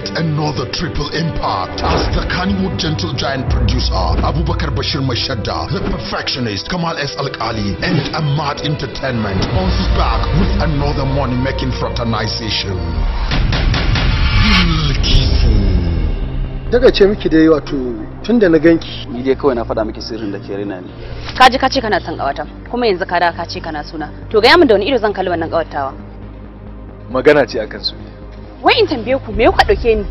yet another triple impact as the Kannywood Gentle Giant producer, Abubakar Bashir Mashadda, The Perfectionist, Kamal S. Al Ali, and Ahmad Entertainment bounces back with another money making fraternization. daga ce miki dai wato tun da na ganki ni dai kawai na faɗa miki sirrin da ke rina ni kaji ji ka ce kana son ƙawata kuma yanzu ka da ka ce kana suna to ga yamin da wani ido zan kalli wannan ƙawatawa magana ce akan su wai in tambaye ku me kuka dauke ni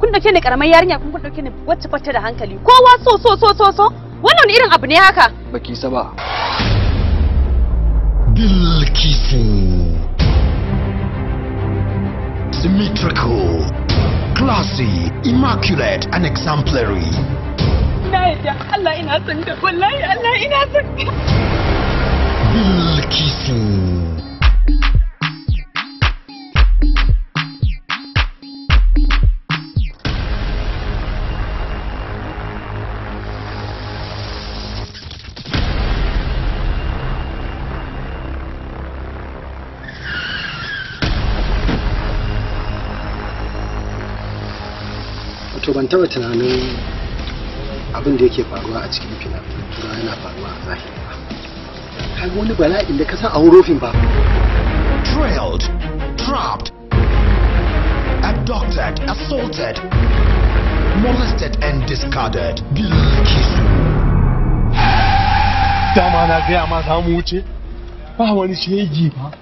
kun dauke ni karamar yarinya kun dauke ni wacce fata da hankali kowa so so so so so wannan irin abu ne haka baki saba Bilkisu Symmetrical Classy Immaculate and Exemplary Na yadda Allah ina son ka wallahi Allah ina son ka Bilkisu to ban taba tunanin abin da yake faruwa a cikin fina tura yana faruwa a zahiri ba kai wani bala'in da ka san a hurufin ba trailed trapped abducted assaulted molested and discarded kisu. dama na gaya ma samu wuce ba wani shegi ba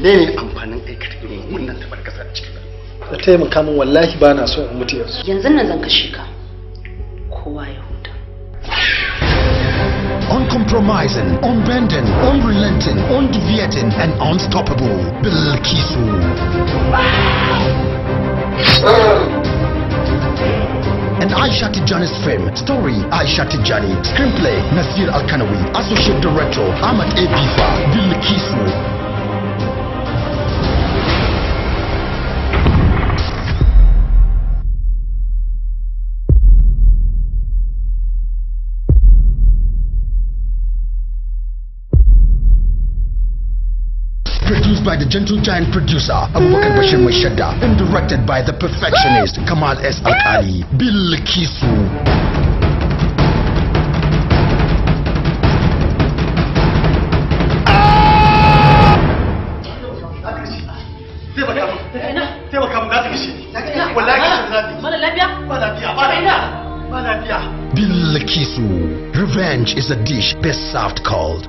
menene amfanin aikata irin wannan tabarkasa a cikin ka taimaka min wallahi ba na son in mutu yanzu yanzu nan zan kashe ka kowa ya huta uncompromising unbending unrelenting undeviating and unstoppable bilkisu An Aisha Tijani's film, story Aisha Tijani, screenplay Nasir Al-Kanawi, associate director Ahmad Abifa, Bilkisu, Produced by the gentle giant producer Abubakar Bashir Mashada and directed by the perfectionist Kamal S. Alkali, Bill Kisu. Bilkisu. Revenge is a dish best served cold.